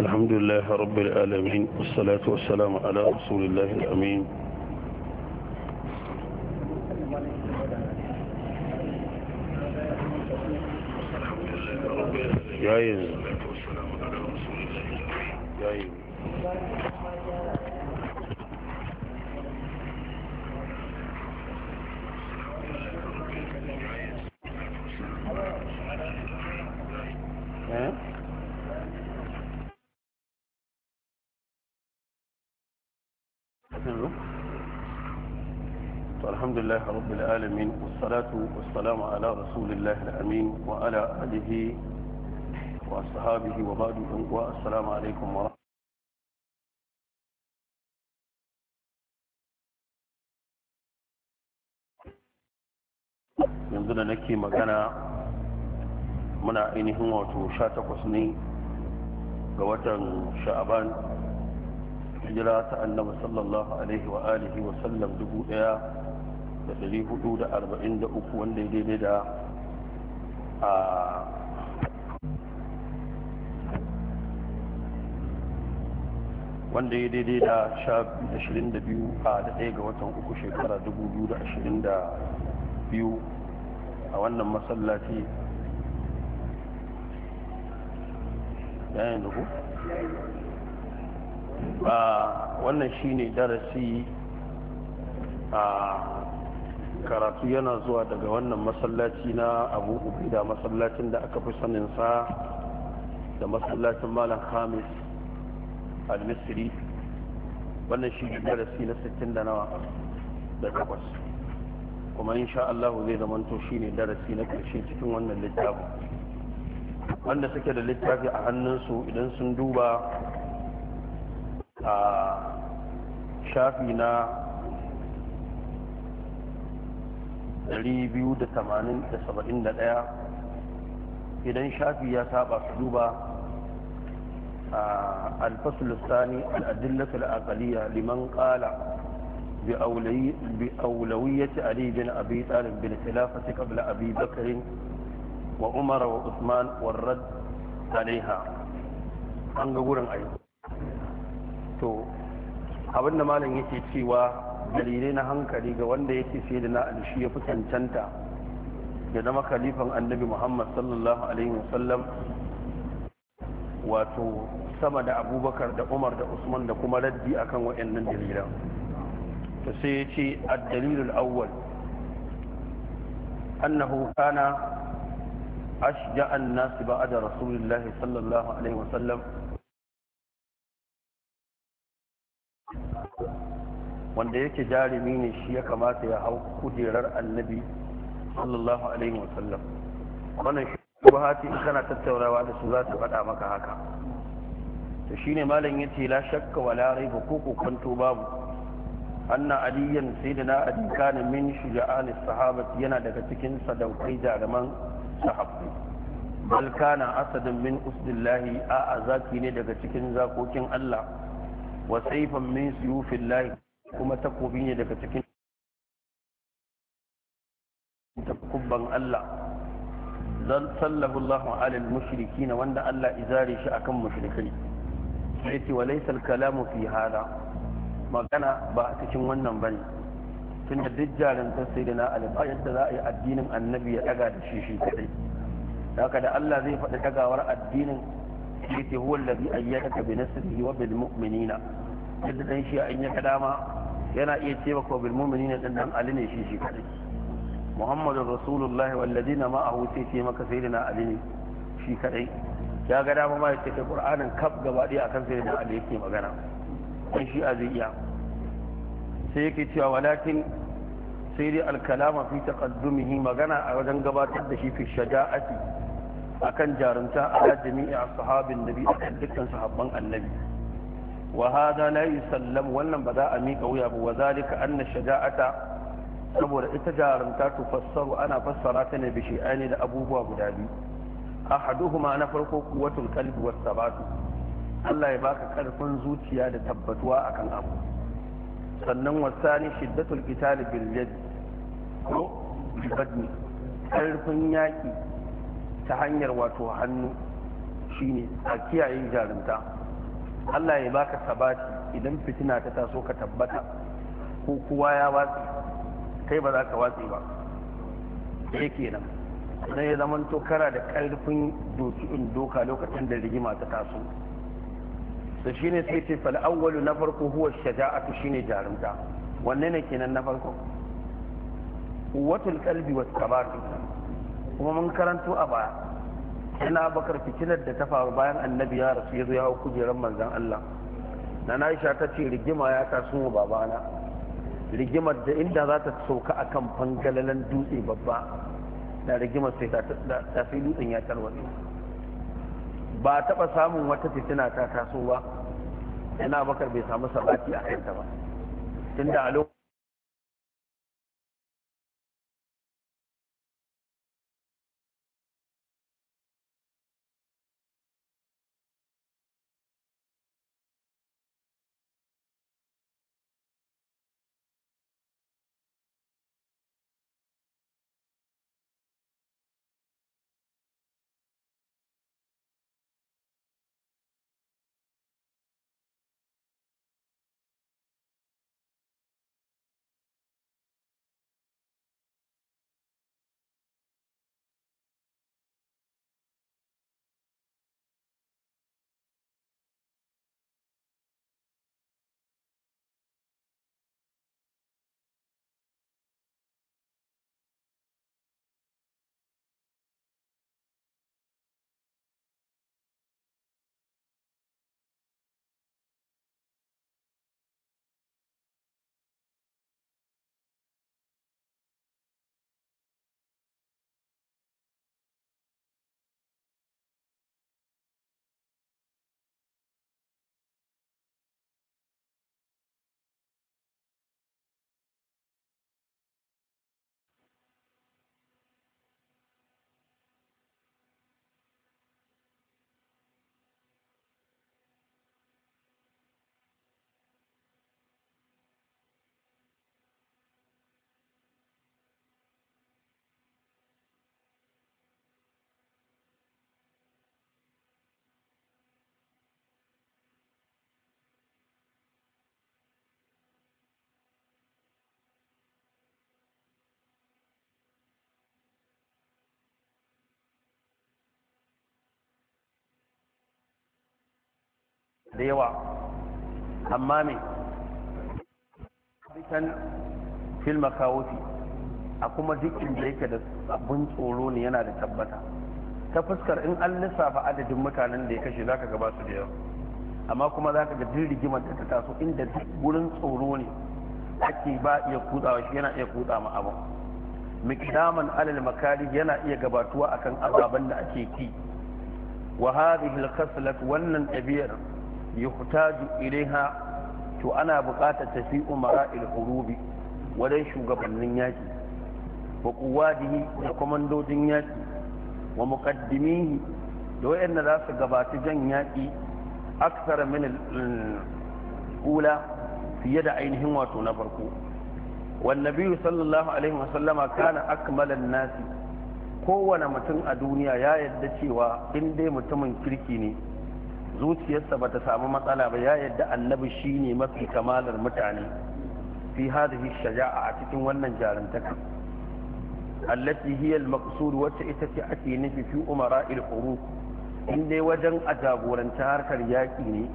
الحمد لله رب العالمين والصلاة والسلام على رسول الله الأمين جايز جايز الحمد لله رب العالمين والصلاة والسلام على رسول الله الأمين وعلى آله وأصحابه وبعده والسلام عليكم ورحمة yanzu da nake magana muna ainihin wato sha takwas ne ga watan sha'aban hijira ta annabi sallallahu alaihi wa alihi wa sallam dubu daya da uku wanda ya daidai da a wanda ya daidai da da biyu a da ɗaya ga watan uku shekara dubu biyu da da ashirin biyu a wannan masallaci yayin da ku wannan shine darasi a karatu yana zuwa daga wannan masallaci na abu ubaida masallacin da aka fi saninsa da masallacin malam hamis al-misri wannan shi ne darasi na 60 da nawa da takwas kuma insha Allah zai zamanto shi ne darasi na ƙarshe cikin wannan littafi wanda suke da littafi a hannunsu idan sun duba a shafi na 281 idan shafi ya saba su duba a alfasulustani al'adillatul akaliya liman kala bi aulawiyyaci ali bin abi tsarin bin filafati kabla abi bakarin wa umar wa usman warrad alaiha an ga wurin ayyau to abinda malin yake cewa dalilai na hankali ga wanda ya ce da na alishi ya fi cancanta ya zama kalifan annabi muhammad sallallahu alaihi wasallam wato sama da abubakar da umar da usman da kuma raddi akan wa'annan dalilan to sai ya ce addalilul awwal annahu kana ashja'an nasu ba'ada rasulillahi sallallahu alaihi wasallam wanda yake jarumi ne shi ya kamata ya hau kujerar annabi sallallahu alaihi wasallam wannan shubahati in kana tattaunawa da su za su faɗa maka haka to shine malam yace la shakka wala raiba ko kokonto babu anna aliyan sayyidina ali kana min shuja'an sahabati yana daga cikin sadaukai jaruman sahabbai bal kana asadun min usdillahi a azaki ne daga cikin zakokin Allah wa saifan min suyufillahi kuma takobi ne daga cikin takubban Allah zan sallahu Allahu alal mushriki na wanda Allah izare shi akan mushrikai sai ce walaysa al-kalamu fi hada magana ba a cikin wannan bane tun da duk jarantar sai da na alif da za a yi addinin annabi ya daga da shi shi kadai haka da Allah zai faɗi dagawar addinin sai ce huwa allazi ayyadaka bi nasrihi wa bil mu'minina yadda dan shi in ya dama yana iya ce wa bil mu'minin din dan ali ne shi shi kadai muhammadur rasulullah wal ladina ma'ahu sai ce maka sayyidina ali ne shi kadai ya ga dama ma ya ce qur'anin kaf gaba daya akan sayyidina ali yake magana dan shi a zai iya sai yake cewa walakin sai dai alkalama fi taqaddumihi magana a wajen gabatar da shi fi shaja'ati akan jarumta a jami'i ashabin nabi akan dukkan sahabban annabi wa hada la yusallam wannan ba za a mika wuya ba wa zalika anna shaja'ata saboda ita jarumta tufassaru ana fassara ta ne bishi ne da abubuwa guda biyu ahaduhuma na farko quwwatul qalbi was sabatu Allah ya baka karfin zuciya da tabbatuwa akan abu sannan wasani shiddatul qital bil yad ko badni karfin yaki ta hanyar wato hannu shine a kiyaye jarumta Allah ya baka sabati idan fitina ta taso ka tabbata ko kowa ya watsi kai ba za ka watsi ba sai kenan idan ya zama to kara da karfin doki in doka lokacin da rigima ta taso to shine sai ce fal awwalu na farko huwa shaja'atu shine jarumta wanne ne kenan na farko quwwatul qalbi wa sabati kuma mun karanto a baya ina bakar fitinar da ta faru bayan annabi ya rasu ya zo ya hau kujerar manzan Allah na Aisha ta ce rigima ya taso wa babana rigimar da inda za ta sauka kan fangalalan dutse babba da rigimar sai ta sai dutsen ya tarwatsa ba taɓa samun wata fitina ta taso ba ina bakar bai samu sabaki a kanta ba tunda a lokacin da yawa amma me bitan fil makawuti a kuma duk da yake da abin tsoro ne yana da tabbata ta fuskar in an lissafa adadin mutanen da ya kashe zaka ga ba su da yawa amma kuma zaka ga duk rigimar da ta taso inda duk gurin tsoro ne ake ba iya kutsawa shi yana iya kutsa ma abin miqdaman alal makari yana iya gabatuwa akan azaban da ake ki wa hadhihi al wannan ɗabi'ar yuhtaju ilaiha to ana buƙatar tafi umara ilhurubi wajen shugabannin yaki wa kuwadihi da kwamandojin yaki wa muqaddimihi da wayanda za su gabaci jan yaki aksara min ula fiye da ainihin wato na farko والنبي صلى الله عليه وسلم كان أكمل الناس kowane mutum a duniya ya yadda cewa in dai mutumin kirki ne zuciyarsa bata samu matsala ba ya yadda annabi shine mafi kamalar mutane fi hadhihi shaja'a a cikin wannan jarantaka allati hiya al-maqsud wacce ita ce ake nufi fi umara huruf in dai wajen a jagoranta harkar yaƙi ne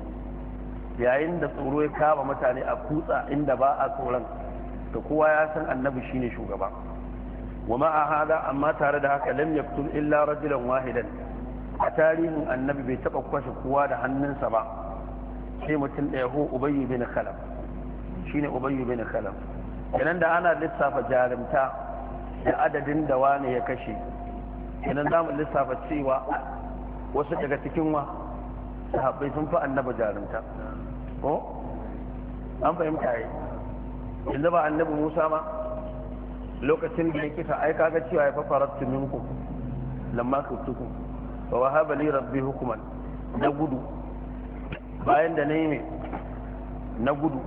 yayin da tsoro ya kama mutane a kutsa inda ba a tsoron da kowa ya san annabi shine shugaba wa ma'a hada amma tare da haka lam yaktul illa rajulan wahidan a tarihin annabi bai taɓa kwashe kowa da hannunsa ba sai mutum ɗaya ho ubayyu bin khalaf shine ubayyu bin khalaf idan da ana lissafa jarumta da adadin da wani ya kashe idan za mu lissafa cewa wasu daga cikin wa sahabbai sun fi annaba jarumta ko an fahimta yi yanzu ba annabi musa ma lokacin da ya kisa ai kaga cewa ya fafarar tuninku lamma kutukun wa wahaba li rabbi hukuman na gudu bayan da na yi mai na gudu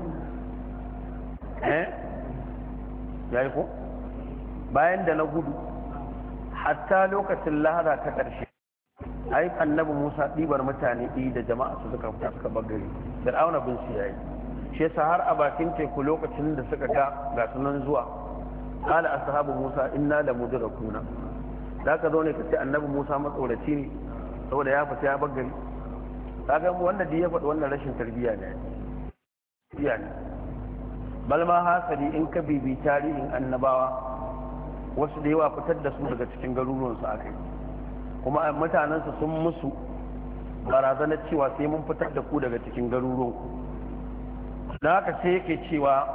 eh ya yi ko bayan da na gudu hatta lokacin lahara ta ƙarshe ai annabi musa ɗibar mutane ɗi da jama'a su suka fita suka bagare auna bin su yayi shi yasa har a bakin teku lokacin da suka ga ga sunan zuwa qala ashabu musa inna la mudrakuna za ka zo ne ka ce annabi musa matsoraci ne saboda ya fita ya bagari ga wanda da ya faɗi wannan rashin tarbiyya ne ne balma hasari in ka bibi tarihin annabawa wasu da yawa fitar da su daga cikin garuruwansu a kai kuma mutanensu sun musu barazanar cewa sai mun fitar da ku daga cikin garuruwanku da haka sai yake cewa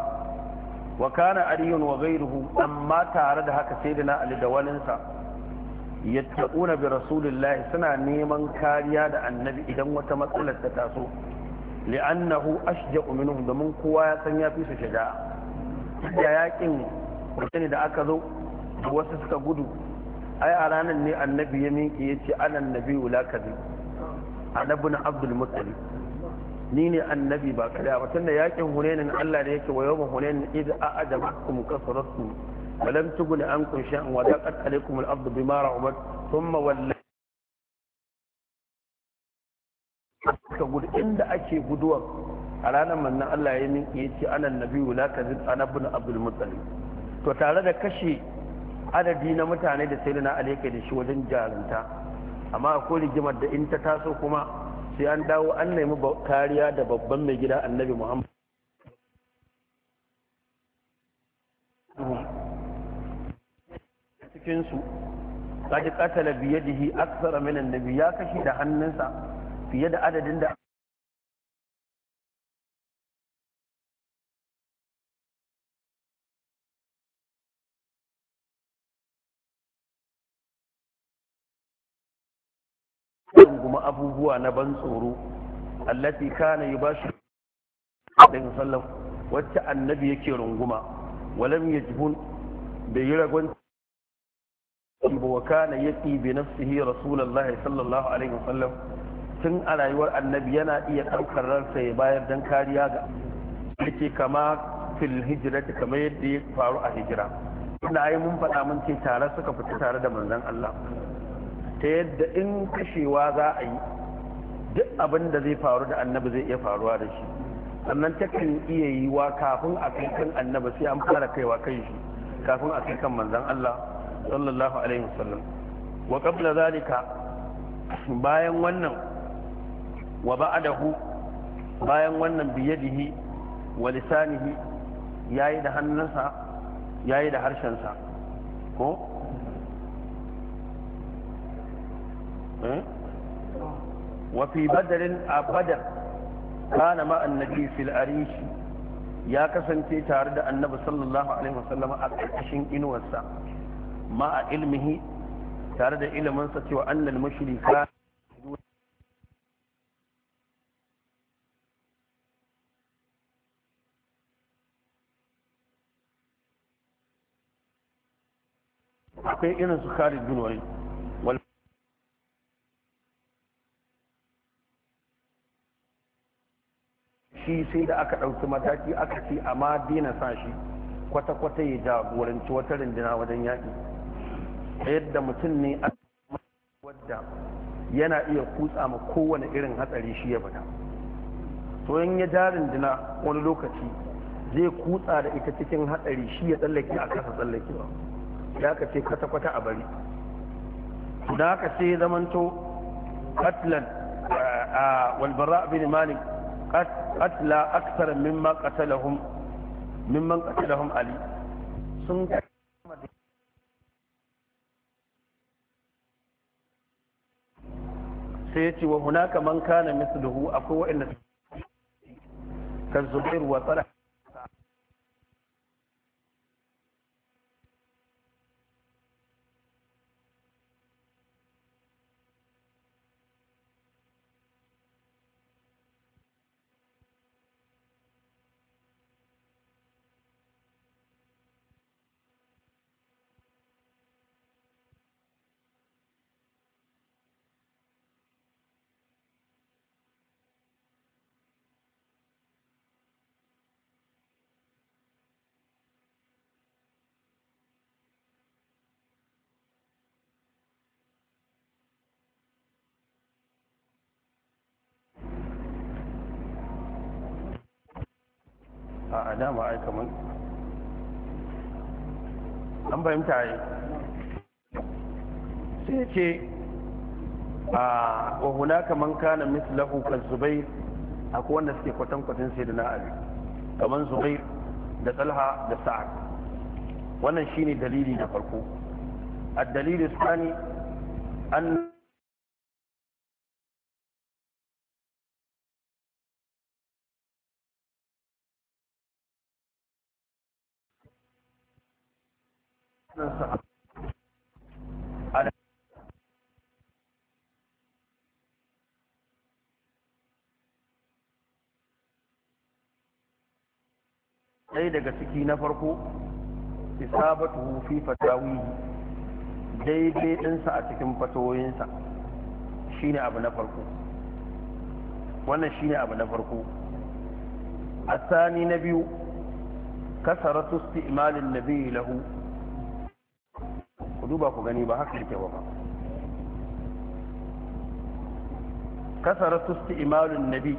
wa kana aliyun wa ghairuhu amma tare da haka sai da na ali da yattaquna bi rasulillahi suna neman kariya da annabi idan wata matsalar ta taso li'annahu ashja'u minhum domin kowa ya san ya fi su shiga da yakin mutane da aka zo wasu suka gudu ai a ranar ne annabi ya minki ya ce anan annabi wula kazi annabi na abdul ni ne annabi ba kada ba tunda yakin hunenin Allah da yake wa yawma hunenin idza a'jabatkum kasratkum ولم تغن عنكم شيئا وضاقت عليكم الارض بما رحبت ثم ولى ka gudu inda ake guduwa a ranar mannan Allah ya min ya ce anan nabiyu la kazib ana bin abdul muttalib to tare da kashe adadi na mutane da sai na alaika da shi wajen jarunta amma akwai rigimar da in ta taso kuma sai an dawo an nemi kariya da babban mai gida annabi muhammad daga cikinsu kaji katala biyadihi aksara min annabi ya kashi da hannunsa fiye da adadin da kuma abubuwa na ban tsoro allati kana yubashi din sallam wacce annabi yake runguma walam yajbun bai yi ragon وكان يقي بنفسه رسول الله صلى الله عليه وسلم tun a rayuwar annabi yana iya ɗaukar ransa ya bayar don kariya ga yake kama fil hijira kamar yadda ya faru a hijira inda ai mun faɗa mun ce tare suka fita tare da manzon Allah ta yadda in kashewa za a yi duk abin da zai faru da annabi zai iya faruwa da shi sannan kan iya yiwa kafin a kan annabi sai an fara kaiwa kan shi kafin a kan manzon Allah sallallahu alaihi wasallam wa qabla zalika bayan wannan wa ba'dahu bayan wannan biyadihi wa lisanihi yayi da hannunsa yayi da harshen sa, ko eh? wa fi badarin a badar kana ma annabi fil arishi ya kasance tare da annabi sallallahu alaihi wasallam a ƙarƙashin inuwarsa ma a ilmihi tare da iliminsa cewa annal mushrika akwai irin su kare dunwari shi sai da aka ɗauki mataki aka ci amma dina sa shi kwata-kwata ya jagoranci wata rindina wajen yaƙi yadda mutum ne a wadda yana iya kutsa ma kowane irin hatsari shi ya fita to ya jarin jina wani lokaci zai kutsa da ita cikin hatsari shi ya tsallake a kasa tsallakewa ba aka ce kwata-kwata a bari da aka ce zamanto katlan a walbara bin malik katla aksar mimman katalahum ali sun sai ya ce wa hunaka man kana misluhu akwai waɗanda kan zubairu wa tsara a dama ai kamar an fahimta ai sai ce a wahuna kamar kana mislahu kan zubai akwai wanda suke kwatankwatan sai da na abi kamar zubai da talha da sa'ad wannan shine dalili na farko الدليل الثاني an. ɗaya daga ciki na farko isabatu fi fatawihi daidai ɗinsa a cikin fatawoyinsa shine abu na farko wannan shine abu na farko asani na biyu kasaratu isti'malin nabiyyi lahu duba ku gani ba haka yake ba kasaratu Imalun nabi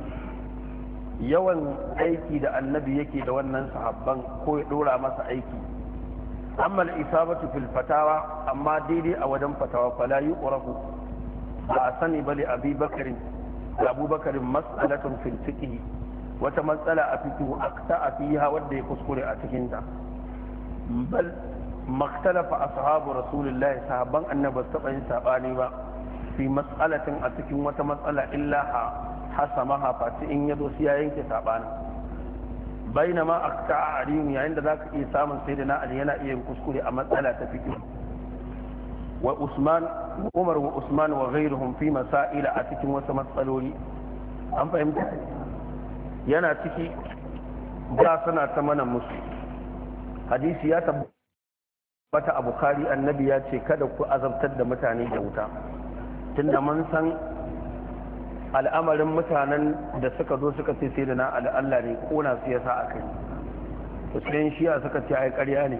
yawan aiki da annabi yake da wannan sahabban ko ya dora masa aiki amma al-isabatu fil fatawa amma daidai a wajen fatawa fala yuqrafu ba a sani bali abi bakarin abu bakarin mas'alatun fil wata matsala a fiqh akta fiha wanda ya kuskure a cikin ta maktalafa ashabu rasulullahi sahabban annabi taɓa yin saɓani ba fi matsalatin a cikin wata matsala illa ha hasama maha fati in zo sai ya yanke saɓani bainama akta aliyu yayin da zaka iya samun da na yana iya yin kuskure a matsala ta fiqh wa usman umar wa usman wa ghayruhum fi masaila a cikin wasu matsaloli an fahimta yana ciki ba suna ta mana musu hadisi ya tabbata Wata abu kari annabi ya ce kada ku azabtar da mutane da wuta tunda mun san al'amarin mutanen da suka zo suka ce sai da na Allah ne kona su yasa a kai musulun shiya suka ce ai ƙarya ne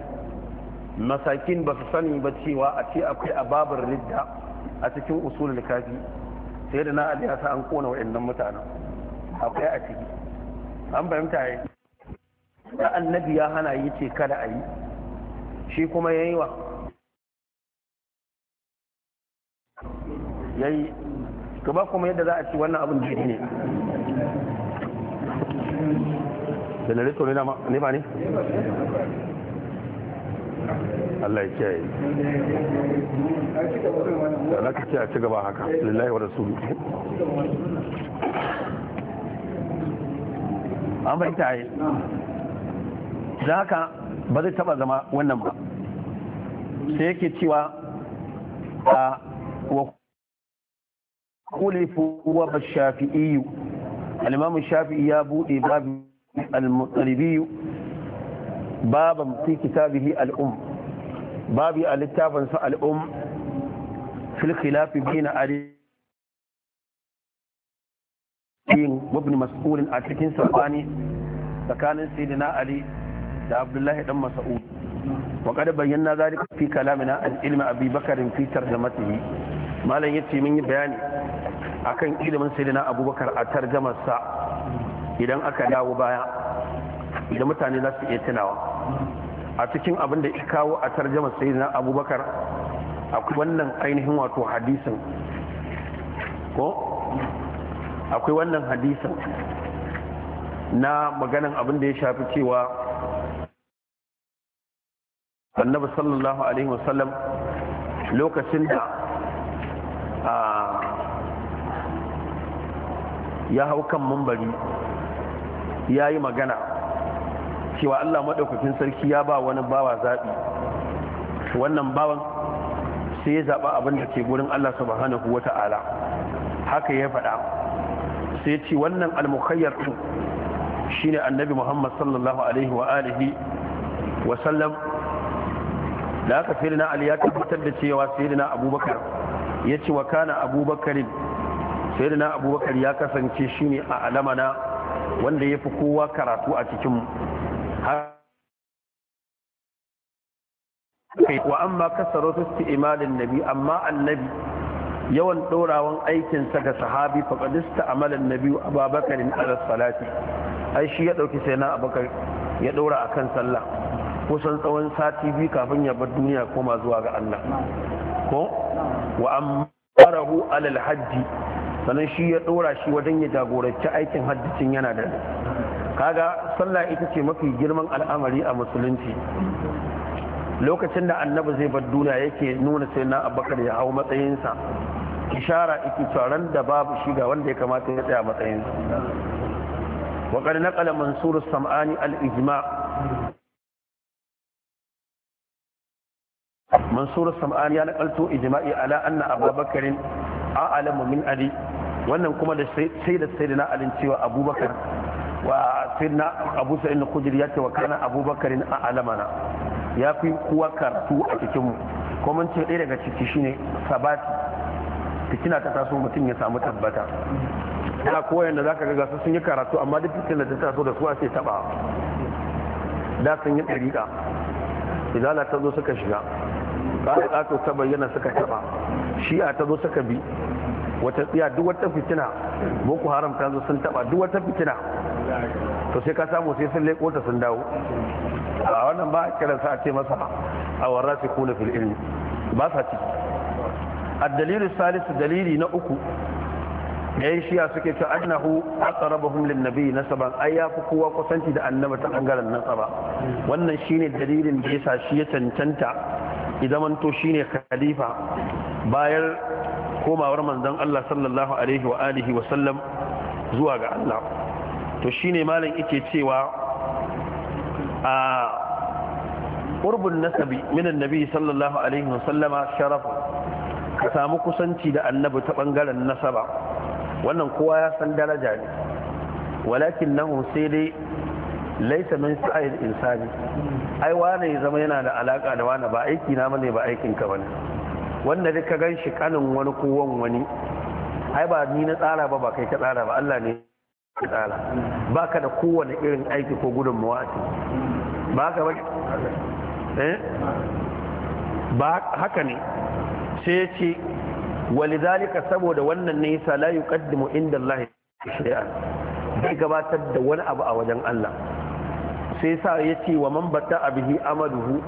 masakin ba su sani ba cewa a ce akwai ababar ridda a cikin usulul kafi sai da na ya sa an kona wa'annan mutanen akwai a ciki an fahimta ya annabi ya hana yi ce kada a yi shi kuma ya yi wa ya yi gaba kuma yadda za a ci wannan abin jiri ne da na ne ne ba ne? Allah ya ce ya yi da na ka a ci gaba haka lullahi wadda su an bai ta yi za ka ba zai taba zama wannan ba sai yake cewa a wa kulifu wa shafi'i al-imam shafi'i ya bude babu al-muttalibi baban fi kitabihi al-um babi a littafin sa al-um fil khilaf bayna ali ibn mas'ul a cikin sabani tsakanin sayyidina ali da abdullahi dan mas'ud wa qad bayyana zalika fi kalamina an ilmi abi bakarin fi tarjamatihi malam yace mun yi bayani akan ilimin sayyidina abubakar a tarjamar sa idan aka dawo baya idan mutane za su iya tunawa a cikin abin da ya kawo a tarjamar sayyidina abubakar akwai wannan ainihin wato hadisin ko akwai wannan hadisin na maganan abin da ya shafi cewa annabi sallallahu alaihi wasallam lokacin da ya hau kan mambari ya yi magana cewa allah maɗaukakin sarki ya ba wani bawa zaɓi wannan bawan sai ya zaɓa abin da ke gurin allah subhanahu wa ta'ala haka ya faɗa sai ce wannan almukayyar ɗin shine annabi muhammad sallallahu alaihi wa alihi wasallam da aka sayyidina ali ya tabbatar da cewa sayyidina abubakar ya ce wa kana abubakarin sayyidina abubakar ya kasance shi ne a alamana wanda ya fi kowa karatu a cikin wa amma kasaratu imanin nabi amma annabi yawan ɗorawan aikinsa ga sahabi a amalan nabi a babakarin alas salati ai shi ya ɗauki sai na abakar ya ɗora a kan sallah kusan tsawon sati biyu kafin ya bar duniya koma zuwa ga Allah ko wa amarahu alal hajji sannan shi ya dora shi wajen ya jagoranci aikin hajjicin yana da kaga sallah ita ce mafi girman al'amari a musulunci lokacin da annabi zai bar duniya yake nuna sai na abakar ya hau matsayinsa ishara ita tsaron da babu shi ga wanda ya kamata ya tsaya matsayinsa wa qad naqala mansur sam'ani al-ijma' mansur sam'ani ya nakalto ijma'i ala anna abubakar a'lamu min ali wannan kuma da sai da sai na alin cewa abubakar wa sayyidina abu sa'id na khudri ya ce wa kana abubakar a'lamana ya fi kuwa karatu a cikinmu kuma mun ce ɗaya daga ciki shine sabati fitina ta taso mutum ya samu tabbata da yadda za ka ga gasa sun yi karatu amma duk da ta taso da su a sai taba da sun yi ɗariƙa izala ta zo suka shiga ƙara ƙato ta bayyana suka taɓa shi'a ta zo suka bi wata tsiya duk wata fitina boko haram ta zo sun taɓa duk wata fitina to sai ka samu sai sun leƙo ta sun dawo a wannan ba kiran sa a ce masa a warra su kuna fil ilmi ba sa ciki addalilu salisu dalili na uku yan shiya suke ta annahu aqrabahum lin na nasaban ai ya fi kowa kusanci da annaba ta bangaren saba wannan shine dalilin da yasa shi ya cancanta shi shine khalifa bayar komawar manzon Allah sallallahu alaihi wa alihi wa zuwa ga Allah to shine malam yake cewa a qurbun nasabi min annabi sallallahu alaihi wa sallama sharaf ka samu kusanci da annabi ta ɓangaren nasaba wannan kowa ya san daraja ne walakin nahu sai dai laisa min sa'il insani ai wane ya zama yana da alaka da wane ba aiki na mane ba aikin ka bane wanda duk ka gan shi kanin wani kowon wani ai ba ni na tsara ba ba kai ka tsara ba Allah ne ya tsara ba ka da kowane irin aiki ko gudunmawa a ba ka ba eh ba haka ne sai ya ce walidhalika saboda wannan ne yasa la yuqaddimu inda Allah shay'an bai gabatar da wani abu a wajen Allah sai sa ya ce wa man batta abihi amaluhu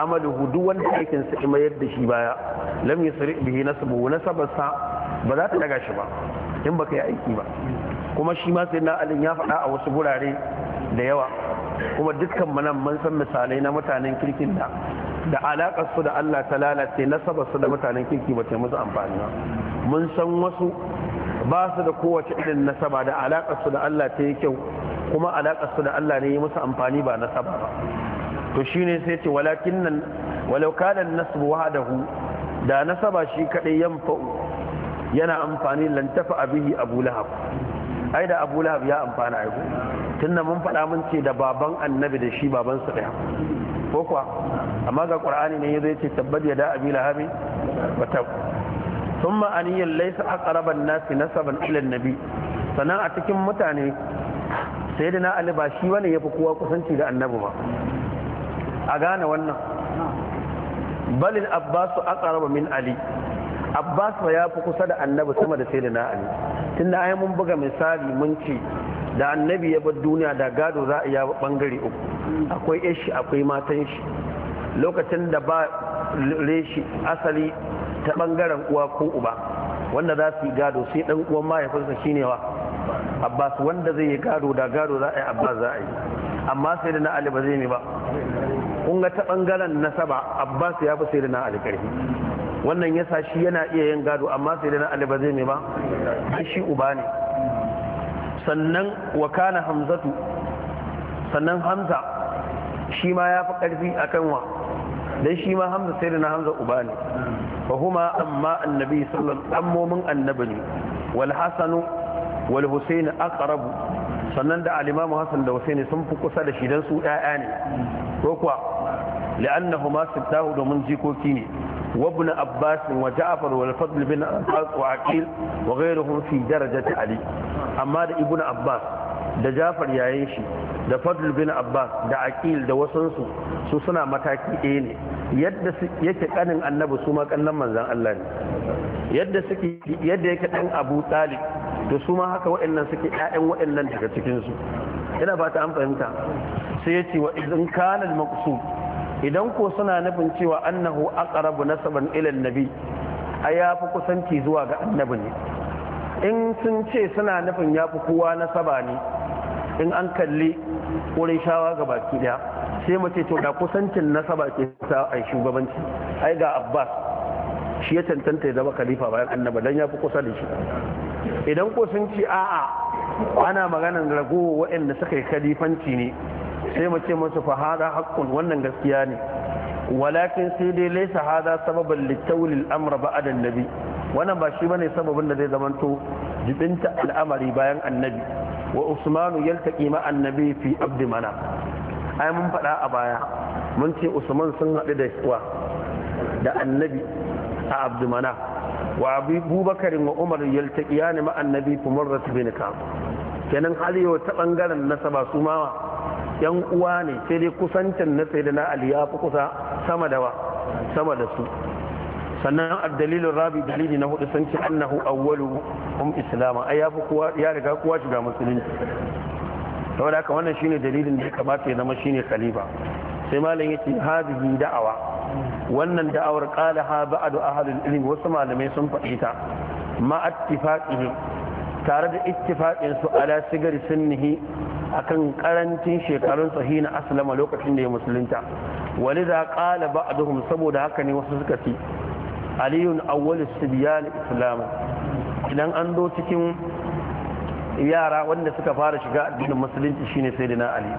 amaluhu duk wanda aikin sa ima yadda shi baya lam yusri bihi nasbu sa ba za ta daga shi ba in baka yi aiki ba kuma shi ma sai na alin ya faɗa a wasu gurare da yawa kuma dukkan manan mun san misalai na mutanen kirkin da da alakar su da Allah ta lalace nasabar su da mutanen kirki ba ta musu amfani ba mun san wasu ba su da kowace irin nasaba da alakar su da Allah ta yi kyau kuma alaƙar su da Allah ne ya musu amfani ba na saba ba to shi ne sai ce walakin nan walau kana nasb wahdahu da nasaba shi kaɗai yan yanfa yana amfani lantafa tafa bihi abu lahab ai da abu lahab ya amfana ai tunda mun faɗa mun ce da baban annabi da shi baban su daya ko kuwa amma ga ƙur'ani ne zai ce tabbat ya yada abi lahab wa tab thumma aniyan laysa aqraban nasi nasaban ila nabi sannan a cikin mutane sai da na ali ba shi wani ya fi kowa kusanci da annabi ba a gane wannan balin abbasu aqraba min ali abbas ya fi kusa da annabi sama da sai da na ali tun da mun buga misali mun ce da annabi ya bar duniya da gado za a iya bangare uku akwai yashi akwai matan shi lokacin da ba reshi asali ta bangaren uwa ko uba wanda za su yi gado sai dan uwan mahaifinsa shine wa abbas wanda zai yi gado da gado za a yi abbas za a yi amma sai da na ali ba zai ne ba kun ga ta bangaren na saba abbas ya fi sai da na ali karfi wannan ya sa shi yana iya yin gado amma sai da na ali ba zai ne ba shi uba ne sannan wakana hamzatu sannan hamza shi ma ya fi karfi akan wa dan shi ma hamza sai da na hamza uba ne fa huma amma annabi sallallahu alaihi wasallam ammomin annabi ne wal hasanu wal husaini aqrab sannan da al Hassan da husaini sun fi kusa da shi dan su ɗaya ne ko kuwa li'annahuma sittahu domin jikoki ne وابن عباس وجعفر والفضل بن عباس وعقيل وغيرهم في درجة علي أما ابن عباس da jafar yayin shi da fadl bin abbas da aqil da wasansu su suna mataki ɗaya ne yadda yake kanin annabi su ma kannan manzan Allah ne yadda suke yadda yake dan abu talib to su ma haka wa'annan suke ƴaƴan waɗannan daga cikin su ina ba ta an fahimta sai ya ce wa idan kana al-maqsud idan ko suna nufin cewa annahu aqrabu nasaban ila annabi a ya fi kusanci zuwa ga annabi ne in sun ce suna nufin ya fi kowa nasaba ne in an kalli wurin shawa ga baki daya sai mu ce to da kusancin nasaba ke sa ai shugabanci ai ga abbas shi ya tantanta ya zama khalifa bayan annaba dan ya fi kusa da shi idan ko sun ce a'a ana maganar rago waɗanda suka yi khalifanci ne sai mace ce musu fa hada haqqun wannan gaskiya ne walakin sai dai laysa hada sababan litawlil amr ba'da annabi wannan ba shi bane sababin da zai zamanto jibinta al'amari bayan annabi wa usman yaltaqi ma annabi fi abd mana ai mun faɗa a baya mun ce usman sun haɗu da kuwa da annabi a abd mana wa abubakar wa umar yaltaqiyani ma annabi fi marrat bin ka'ab kenan har yau ta bangaren nasaba su yan uwa ne sai dai kusancin na sayyidina ali ya fi kusa sama da wa sama da su sannan addalilin rabi dalili na hudu sun ce annahu awwalu hum islama ai ya kowa ya riga kowa shiga musulunci saboda haka wannan shine dalilin da ya kamata ya zama shine khalifa sai malam yace hadhihi da'awa wannan da'awar qala ha ba'du ahlul ilmi wasu malamai sun faɗi ta ma ittifaqihim tare da ittifaqin su ala sigari a akan karancin shekarun sahina aslama lokacin da ya musulunta walida qala ba'dhum saboda haka ne wasu suka ce aliyun awwal sibyan islam idan an zo cikin yara wanda suka fara shiga addinin musulunci shine sayyidina ali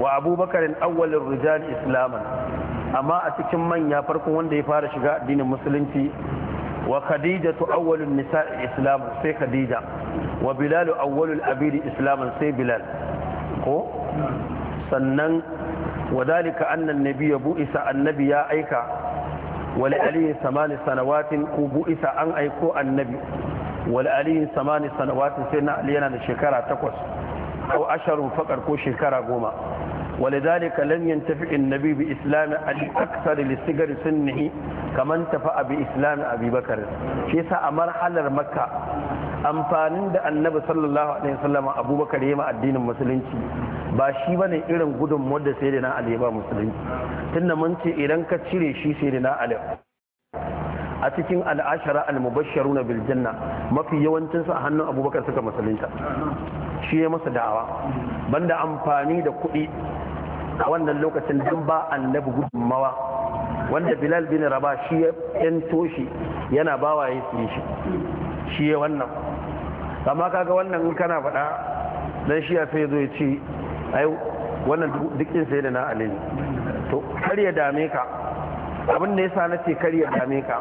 wa abubakar awwal rijal islaman amma a cikin manya farkon wanda ya fara shiga addinin musulunci wa khadijatu awwalun nisa'i islam sai khadija wa bilal awwalul abidi islaman sai bilal ko sannan wadalika annan nabi ya bu'isa annabi ya aika wali aliyu samani sanawatin ko bu'isa an aiko annabi wali aliyu samani sanawatin sai na ali yana da shekara takwas ko asharu fakar ko shekara goma ولذلك لم ينتفع النبي بإسلام علي أكثر لسجر سنه كما انتفع بإسلام أبي بكر شيسا أمر حلر مكة amfanin da annabi sallallahu alaihi wasallam abubakar ya ma addinin musulunci ba shi bane irin gudun wanda sai da na ali ba musulunci tunda mun ce idan ka cire shi sai da na ali a cikin al'ashara al-mubashsharu na biljanna mafi yawancinsu a hannun abubakar suka musulunta shi ya masa da'awa banda amfani da kuɗi a wannan lokacin don ba annabi gudunmawa wanda bilal bin raba shi ya yanto shi yana ba ya siye shi shi ya wannan amma kaga wannan in kana faɗa dan shi ya sai zo ya ce ai wannan duk din sai da na alini to har ya dame ka abin da sa na ce karya dame ka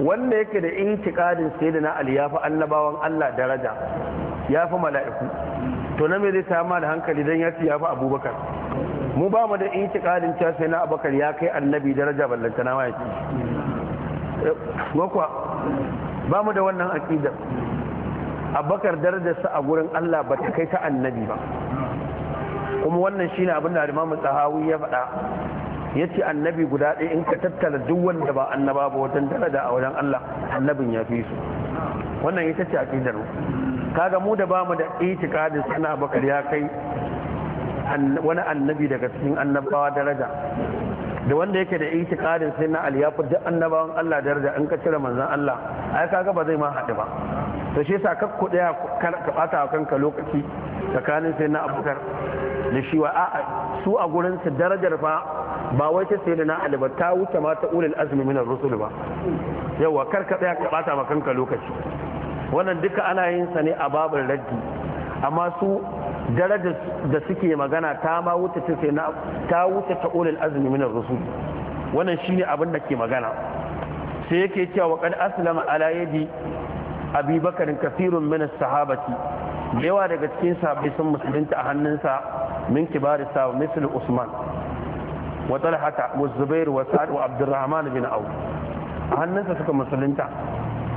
wanda yake da intiqadin sai ali ya fi annabawan Allah daraja ya fi mala'iku to na me zai sama da hankali don ya ci ya fi abubakar mu ba mu da intiqadin cewa na abubakar ya kai annabi daraja ballanta na yake gwakwa ba mu da wannan aƙidar. abubakar darajarsa a gurin Allah ba ta kai ta annabi ba kuma wannan shine abin da imamu tsahawi ya faɗa ya ce annabi guda ɗaya in ka tattara duk wanda ba annaba ba wajen darada a wajen Allah annabin ya fi su wannan ita ce aƙidar mu kaga mu da ba mu da itikadin sana bakar ya kai wani annabi daga cikin annabawa daraja da wanda yake da itikadin sai na aliyafu duk annabawan Allah daraja in ka cire manzon Allah ai kaga ba zai ma haɗu ba to shi yasa kakku daya ka bata kanka lokaci tsakanin sai na abubakar da shi wa a'a su a gurin su darajar fa ba wai ta sai na ali ba ta wuce ma ta ulul azmi min rusul ba yawa kar ka tsaya ka bata ma kanka lokaci wannan duka ana yin sa ne a babul raddi amma su darajar da suke magana ta ma wuce ta sai na ta wuce ta ulul azmi min rusul wannan shine abin da ke magana sai yake cewa wa kad aslama ala yadi abi bakarin kasirun min sahabati da yawa daga cikin sahabbai sun musulunta a hannunsa min kibari sa misal usman wa talhata wa zubair wa sa'ad wa abdurrahman bin au a hannunsa suka musulunta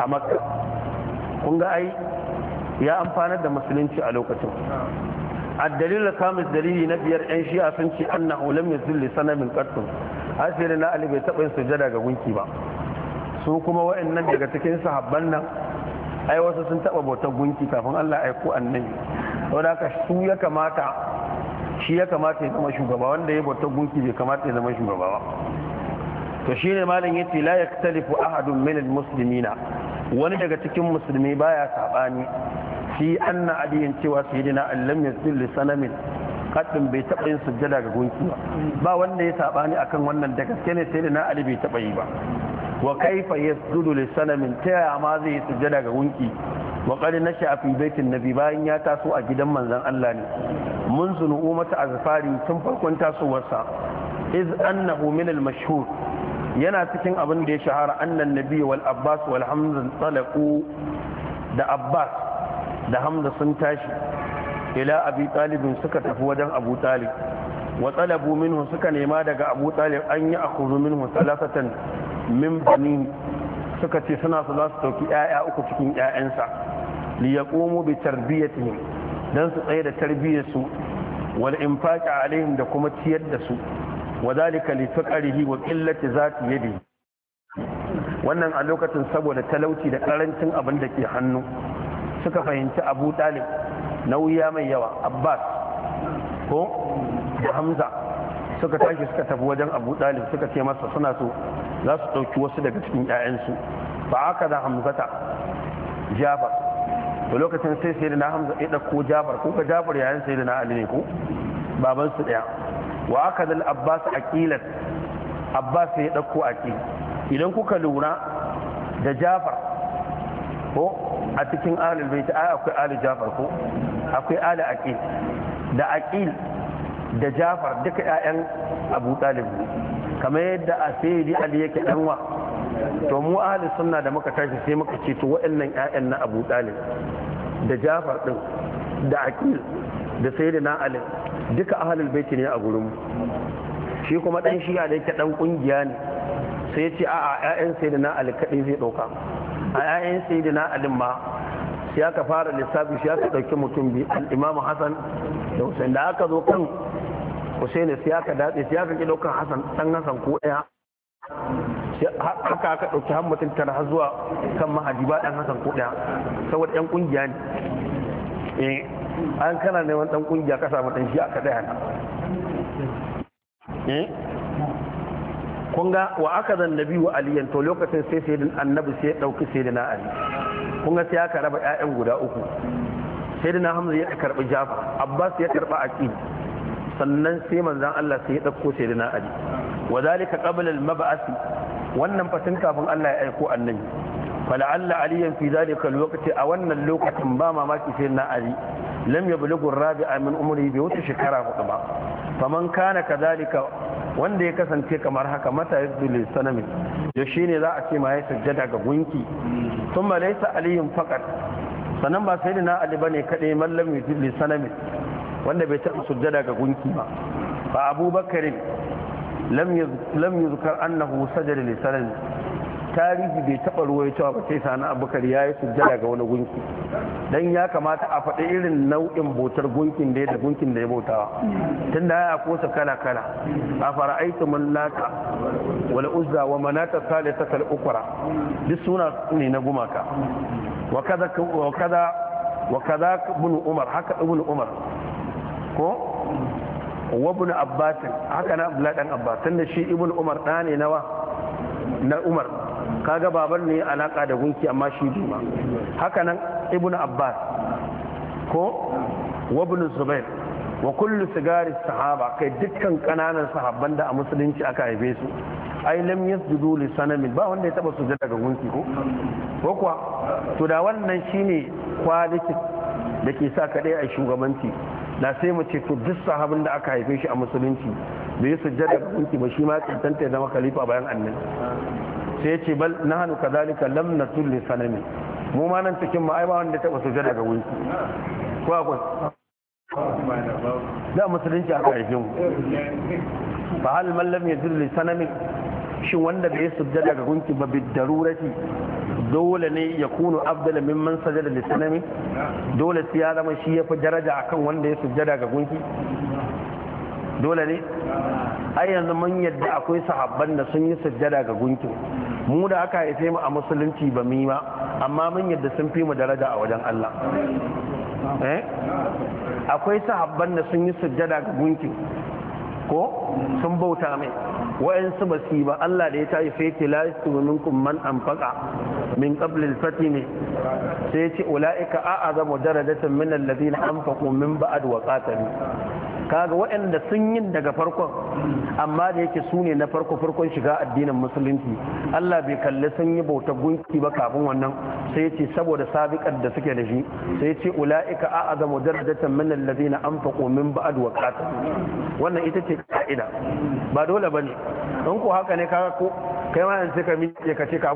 a makka kun ga ai ya amfanar da musulunci a lokacin الدليل dalili na biyar yan shi'a sun ce annahu lam yuzil sana min qattun asiri na ali bai taba yin sujada ga gunki ba su kuma wa'annan daga cikin sahabban nan ai wasu sun taba bautar gunki kafin Allah aiko annabi saboda haka su ya kamata shi ya kamata ya zama shugaba wanda ya bauta gunki bai kamata ya zama shugaba ba to ne malam yace la talifu ahadun musulmi na wani daga cikin musulmi baya sabani fi anna aliyin cewa sayyidina allam ya li sanamin kaɗin bai taɓa yin sujjada ga gunki ba wanda ya sabani akan wannan da gaske ne na ali bai taba yi ba wa kaifa yasjudu sanamin ta yaya ma zai sujada ga gunki wa qad a fi baitin nabi bayan ya taso a gidan manzon Allah ne mun sunu ummata azfari tun farkon tasowarsa iz annahu min al mashhur yana cikin abin da ya shahara annan nabi wal abbas wal hamza talaqu da abbas da hamza sun tashi ila abi talib suka tafi wajen abu talib wa talabu minhu suka nema daga abu talib an yi akhudhu minhu salasatan min bani suka ce suna su za su ɗauki 'ya'ya uku cikin 'ya'yansa li yaqumu bi tarbiyatihim dan su tsaye da tarbiyyarsu wal infaqi alaihim da kuma ciyar da su wa zalika li faqrihi wa qillati zati yadi wannan a lokacin saboda talauci da karancin abin da ke hannu suka fahimci Abu Talib nauyi mai yawa Abbas ko da Hamza suka tashi suka tafi wajen abu dalib suka ce masa suna so za su ɗauki wasu daga cikin 'ya'yansu ba aka da hamzata jabar da lokacin sai sai na hamza ya ɗauko jabar ko ga jabar yayin sai na ali ne ko baban su ɗaya wa aka da abbas aqilat abbas ya ɗauko aqil idan kuka lura da jabar ko a cikin ahlul bait ai akwai ali jabar ko akwai ali aqil da aqil da jafar duka 'ya'yan abu talib kamar yadda a sayyidi ali yake danwa to mu ahli sunna da muka tashi sai muka ce to waɗannan 'ya'yan na abu talib da jafar din da aqil da sayyidina ali duka ahlul baiti ne a gurin shi kuma dan shi da yake dan kungiya ne sai ya ce a'a 'ya'yan sayyidina ali kadai zai dauka a 'ya'yan sayyidina ali ma ya ka fara lissafi shi aka ɗauki mutum biyu al'imam hassan da hussein da aka zo kan hussein siya ka daɗe siya ka ƙi ɗaukar hassan ɗan hassan ko ɗaya haka aka ɗauki har mutum tara har zuwa kan mahadi ba ɗan hassan ko ɗaya saboda ɗan ƙungiya ne eh, an kana neman ɗan ƙungiya ka samu ɗan shi aka ɗaya na eh? kun ga wa aka zan nabi wa aliyan to lokacin sai sai annabi sai ya ɗauki sai da na ali kun ga sai aka raba ƴaƴan guda uku sai na hamza ya karɓi jafa abbas ya karɓi aqil sannan sai manzon Allah sai ya ɗauko sai na ali wa zalika al-mab'ath wannan fatin kafin Allah ya aiko annabi fala'alla aliyan fi zalika al-waqti a wannan lokacin ba mamaki sai na ali lam yablughu a min umri bai wuce shekara hudu ba faman kana kadhalika wanda ya kasance kamar haka mata ya yadul sanamin da shine za a ce ma ya sajjada ga gunki thumma laysa aliyun faqat sannan ba sai na ali bane kade mallam yadul sanamin wanda bai taɓa sujjada ga gunki ba Ba abubakar lam yuzkar annahu sajada li sanamin tarihi bai taɓa ruwa cewa ba sai sani abubakar ya yi sujjada ga wani gunki dan ya kamata a faɗi irin nau'in bautar gunkin da ya da gunkin da ya bautawa tun da ya kosa kala kala a fara aiki mun lata wal uzza wa manata salisa kal ukra duk suna ne na gumaka wa kaza wa kaza wa kaza ibn umar haka ibn umar ko wa ibn abbas haka na abdullahi dan abbas tunda shi ibn umar ɗane nawa na umar kaga babar ne alaka da gunki amma shi juma haka nan ibnu abbas ko wabnu zubair wa kullu sigari sahaba kai dukkan kananan sahabban da a musulunci aka haife su ai lam yasjudu li sanamin ba wanda ya taba sujada ga gunki ko ko kuwa to da wannan shine kwalitin da ke sa kaɗai a shugabanci da sai mu ce to duk sahabin da aka haife shi a musulunci ya sujjada ga gunki ba shi ma tantance zama khalifa bayan annabi sai ce bal nahnu kadhalika lam natul li sanami mu ma nan cikin mu ai ba wanda taba sujjada ga gunki ko akwai da musulunci aka haife mu fa hal man lam yatul li sanami shin wanda bai sujjada ga gunki ba bidarurati dole ne ya kunu afdala mimman sajada da sanami dole ya zama shi ya fi daraja akan wanda ya sujjada ga gunki dole ne ai yanzu mun yadda akwai sahabban da sun yi sujjada ga gunki mu da aka haife mu a musulunci ba mu yi ba amma mun yadda sun fi mu daraja a wajen Allah eh? akwai sahabban da sun yi sujjada ga gunki ko sun bauta mai su ba su ba Allah da ya tayi feti la yastuminkum man anfaqa min qabl fati ne sai ce ulaika a'azamu darajatan min alladhina anfaqu min ba'd wa qatalu kaga waɗanda sun yi daga farkon amma da yake su ne na farko farkon shiga addinin musulunci Allah bai kalli sun yi bauta gunki ba kafin wannan sai ce saboda sabiƙar da suke da shi sai ce ulaika a'azamu darajatan min alladhina anfaqu min ba'd wa qatalu wannan ita ce ka'ida sha ba dole ba ne in ko haka ne kaga ko kai ma yanzu ka miƙe ka ce ka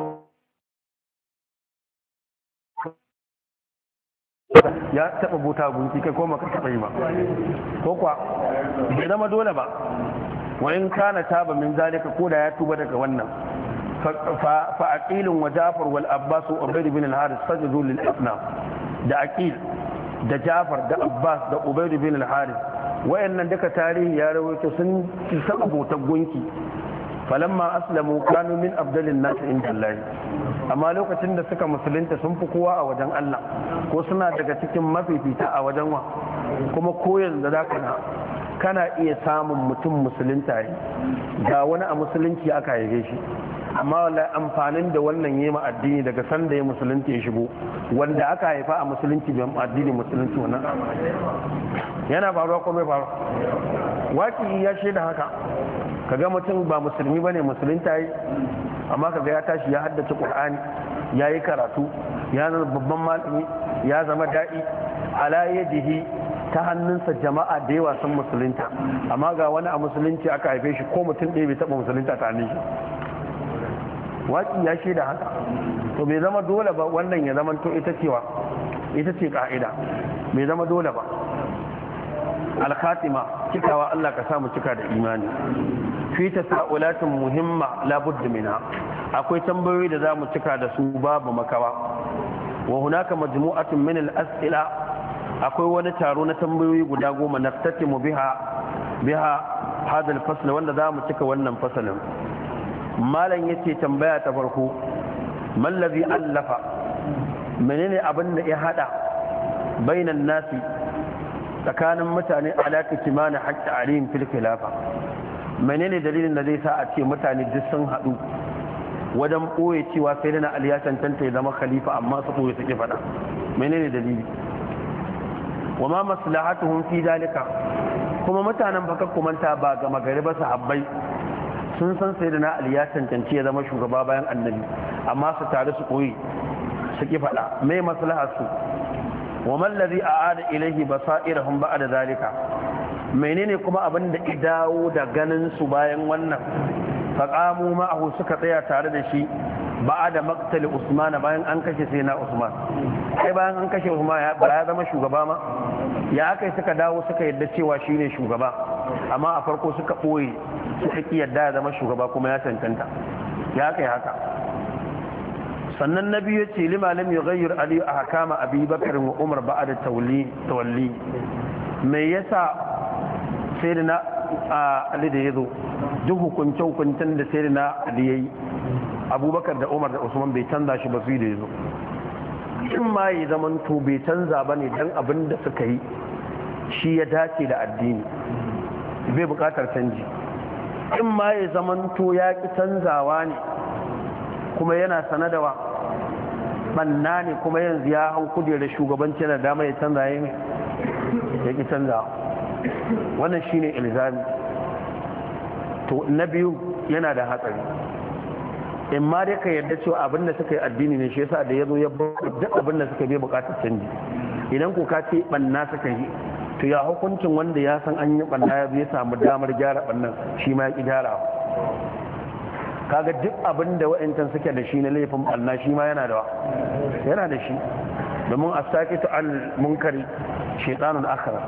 ya taɓa buta gunki kai ko ka taɓa yi ba ko kwa bai zama dole ba wa in kana taba min zalika ko da ya tuba daga wannan fa aqilun wa jafar wal abbas wa ubayd bin al haris sajadu lil islam da aqil da jafar da abbas da ubayd bin al haris wayannan duka tarihi ya rawaito sun ci saba bautar gunki falamma aslamu kanu min abdalin nasu inda Allah amma lokacin da suka musulunta sun fi kowa a wajen Allah ko suna daga cikin mafifita a wajen wa kuma koyan da zaka na kana iya samun mutum musulunta yi ga wani a musulunci aka haife shi amma wallahi amfanin da wannan yi ma addini daga sanda ya musulunci ya shigo wanda aka haifa a musulunci bai addini musulunci wannan yana faruwa ko bai faru waki ya shaida haka kaga mutum ba musulmi bane musulunta yi amma kaga ya tashi ya haddace qur'ani ya yi karatu ya zama babban malami ya zama da'i ala yadihi ta hannunsa jama'a da yawa sun musulunta amma ga wani a musulunci aka haife shi ko mutum ɗaya bai taɓa musulunta ta hannun shi waƙi ya shaida haka to bai zama dole ba wannan ya zama to ita cewa ita ce ka'ida bai zama dole ba al-khatima cikawa Allah ka samu cika da imani fi tasa'ulatin muhimma la budda akwai tambayoyi da zamu cika da su babu makawa wa hunaka majmu'atun min al-as'ila akwai wani taro na tambayoyi guda goma naftatimu biha biha hada al-fasl wanda zamu cika wannan fasalin malam yace tambaya ta farko mallazi allafa menene abin da ya hada bainan nasi tsakanin mutane alaƙa kimanin haƙƙi aliyin fil khilafa menene dalilin da zai sa a ce mutane duk sun haɗu wajen ɓoye cewa sai dana ali ya cancanta ya zama khalifa amma su ɓoye suke faɗa menene dalili wa ma maslahatuhum fi dalika kuma mutanen baka kumanta ba ga magari ba su sahabbai sun san sai dana ali ya cancanci ya zama shugaba bayan annabi amma su tare su ɓoye suke faɗa mai maslahar su wa mallazi a'ada ilaihi basairahum ba'da zalika menene kuma abin da idawo da ganin su bayan wannan faqamu ma'ahu suka tsaya tare da shi ba'da maktali usman bayan an kashe sai na usman kai bayan an kashe usman ya zama shugaba ma ya akai suka dawo suka yarda cewa shine shugaba amma a farko suka boye suka ki yadda ya zama shugaba kuma ya cancanta ya kai haka sannan na biyu ce lima lam yughayyir ali ahkama abi bakr wa umar ba'da tawli tawalli me yasa sayyidina ali da yazo duk hukunce hukuncen da sayyidina ali yayi abubakar da umar da usman bai canza shi ba su da yazo in ma yi zaman to bai canza ba ne don abin da suka yi shi ya dace da addini bai bukatar canji in ma ya zaman to ya ki canzawa ne kuma yana sana da wa banna ne kuma yanzu ya hau kujerar shugabanci da dama ya canza ya ya ki canza wannan shi ne ilzami to na biyu yana da hatsari in ma dai ka yarda cewa abin da suka yi addini ne shi yasa da ya zo ya duk abin da suka bai bukatar canji idan kuka ka ce banna suka yi to ya hukuncin wanda ya san an yi banna ya samu damar gyara bannan shi ma ya ki gyara kaga duk abin da wa'ancan suke da shi na laifin alna shi ma yana da yana da shi domin a sake ta al munkari shaitanun akara.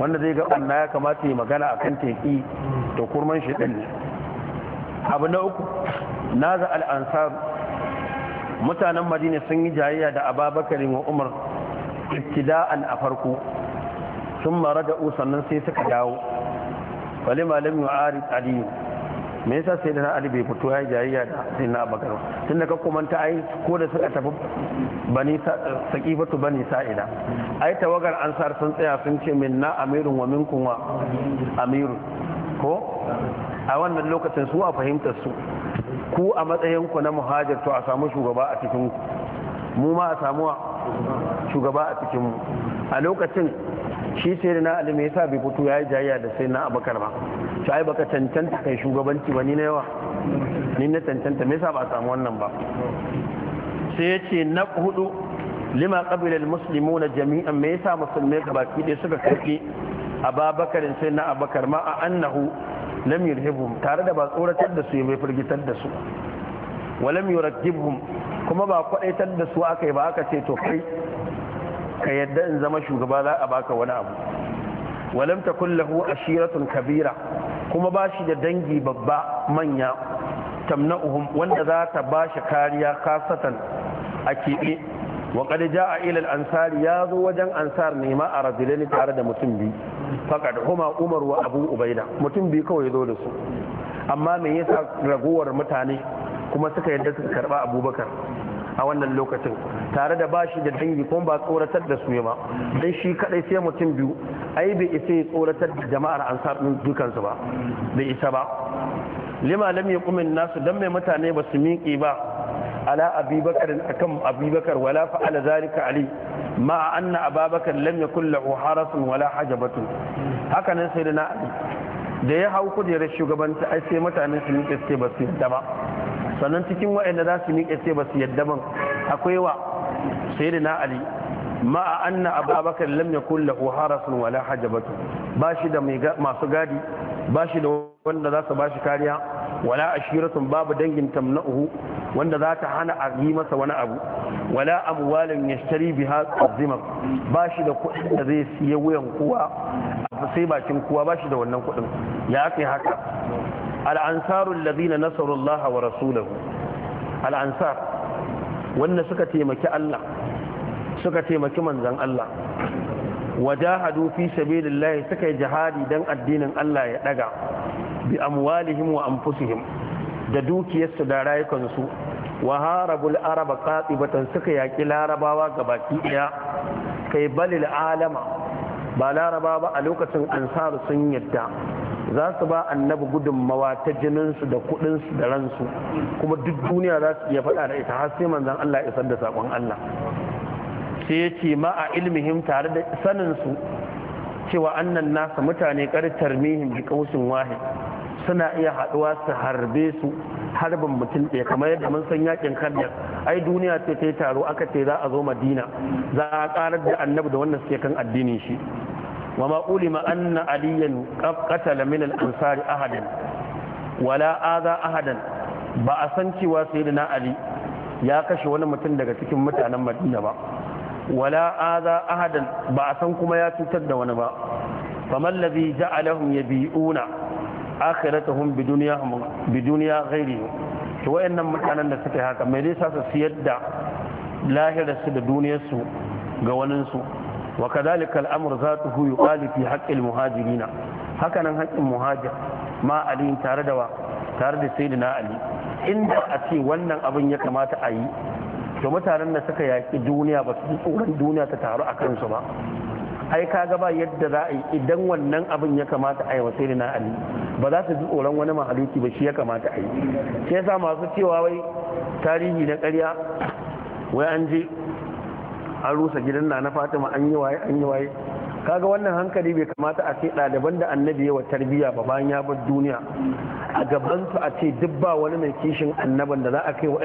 wanda zai ga alna ya kamata ya magana a kan teki, to kurman shaitan ne abu na uku na za al'ansar mutanen madina sun yi jayayya da ababakarin wa umar ibtida'an a farko sun mara da sannan sai suka dawo wali malam aliyu me yasa sai da ali bai fito ya jayayya da sai na bakar da ka komanta ai ko da suka tafi bani saqifatu bani sa'ida ai tawagar ansar sun tsaya sun ce min na amirun wa minkum wa amiru ko a wannan lokacin su a fahimtar su ku a matsayin ku na muhajir to a samu shugaba a cikin ku? mu ma a samu shugaba a cikin mu a lokacin shi sai da na ali mai yasa bai fito ya jayayya da sai na abakar ba to ai baka cancanta kai shugabanci ba ni na yawa ni na cancanta me yasa ba a samu wannan ba sai yace na hudu lima qabila almuslimuna jami'an me yasa musulmai gabaki daya suka karbi ababakarin sai na abakar ma a annahu lam yurhibhum tare da ba tsoratar da su mai firgitar da su wa lam yurakkibhum kuma ba kwadaitar da su akai ba aka ce to kai ka yadda in zama shugaba za a baka wani abu walam takun lahu ashiratun kabira kuma ba shi da dangi babba manya tamna'uhum wanda za ta ba shi kariya kasatan a keɓe wa qad ja'a ila ansar ya zo wajen ansar ne ma a rajulaini tare da mutum biyu faqad huma umar wa abu ubaida mutum biyu kawai zo da su amma me yasa ragowar mutane kuma suka yadda suka karba abubakar a wannan lokacin tare da ba shi da dangi kuma ba tsoratar da su ba dan shi kadai sai mutum biyu ai bai isa ya tsoratar da jama'ar ansar din dukansu ba bai isa ba lima lam yaqumin nasu dan mai mutane ba su miƙe ba ala abubakar akan abubakar wala fa'ala zalika ali ma anna ababakar lam yakul lahu harasun wala hajabatun haka nan sai da na da ya hau kujerar shugabanci ai sai mutane su miƙe suke ba su yadda ba sannan cikin waɗanda za su miƙe sai ba su yadda ban akwai wa sayyidina ali ma anna lamya lam ko hara sun wala hajabatu ba shi da masu gadi ba shi da wanda za su ba shi kariya wala a ashiratun babu dangin tamna'uhu wanda za ta hana a yi masa wani abu wala amwalin yashtari biha qazzima ba shi da kuɗin da zai siya wuyan kowa sai bakin kowa ba shi da wannan kuɗin ya kai haka al'ansarun lazina nasarullaha wa rasulahu al'ansar wanda suka taimaki Allah suka taimaki manzan Allah wajahadu fi sabilillahi suka yi jihadi dan addinin Allah ya daga bi amwalihim wa anfusihim da dukiyarsu da rayukansu wa harabul araba qatibatan suka yaki larabawa ga daya kai balil alama ba laraba ba a lokacin ansaru sun yadda za su ba annabi gudunmawa ta jininsu da kudinsu da ransu kuma duk duniya za su iya faɗa da ita har sai manzan Allah isar da sakon Allah sai ya ce ma a ilmihim tare da saninsu cewa annan nasa mutane kartar tarmihin bi kausin wahid suna iya haɗuwa su harbe su harbin mutum ɗaya kamar yadda mun san yakin kandar ai duniya ce ta yi taro aka ce za a zo madina za a karar da annabi da wannan suke kan addinin shi وما علم أن عليا قتل من الأنصار أحدا ولا آذى أحدا بأسنك وسيدنا علي ya kashe wani mutum daga cikin mutanen madina ba wala aza ahadan ba a san kuma ya cutar da wani ba kamar lazi ja'alahum yabi'una akhiratahum biduniya biduniya ghairi to wayannan mutanen da suka haka me zai sa su siyar da lahirar da duniyarsu su ga wanin wa kadhalika al-amru zatuhu yuqalu fi haqqi al-muhajirin haka nan haƙƙin muhajir ma ali tare da wa tare da sayyidina ali inda a ce wannan abin ya kamata a yi to mutanen da suka yaki duniya ba su tsoron duniya ta taru a kansu ba ai kaga ba yadda za a yi idan wannan abin ya kamata a yi wa sayyidina na ali ba za su ji tsoron wani mahaluki ba shi ya kamata a yi sai yasa masu cewa wai tarihi na ƙarya wai an je an rusa gidan na na fatima an yi waye an yi waye kaga wannan hankali bai kamata a ce ɗaliban da annabi ya wa tarbiyya ba bayan ya bar duniya a gaban su a ce duk ba wani mai kishin annaban da za a kai wa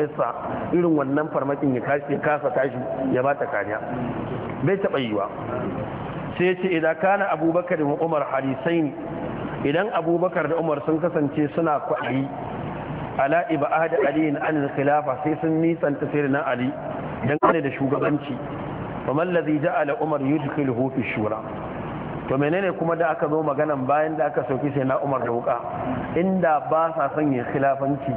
irin wannan farmakin ya kasa tashi ya ba ta kariya bai taɓa wa sai ce idan kana abubakar da umar hadisai idan abubakar da umar sun kasance suna kwaɗi ala ibada na an khilafa sai sun nisanta sai na ali dangane da shugabanci kamar lazi ja'ala umar yudkhiluhu fi shura to menene kuma da aka zo maganan bayan da aka sauki sai na umar da wuka inda ba sa son yin khilafanci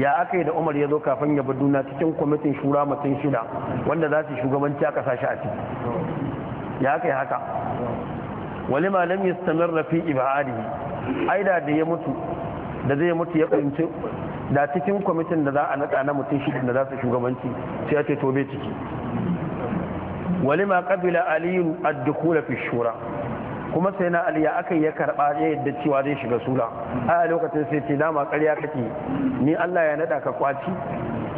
ya aka yi da umar ya zo kafin ya duna cikin kwamitin shura mutum shida wanda za su shugabanci aka sashi a ciki ya aka yi haka wani malam ya samar da fi ibadi aida da ya mutu da zai mutu ya kunci da cikin kwamitin da za a naɗa na mutum shida da za su shugabanci sai ya ce to bai ciki walima kabila aliyu ad da fi shura kuma sai na aliya aka ya karba yadda cewa zai shiga sura a lokacin sai ce dama karya kake ni Allah ya naɗa ka kwaci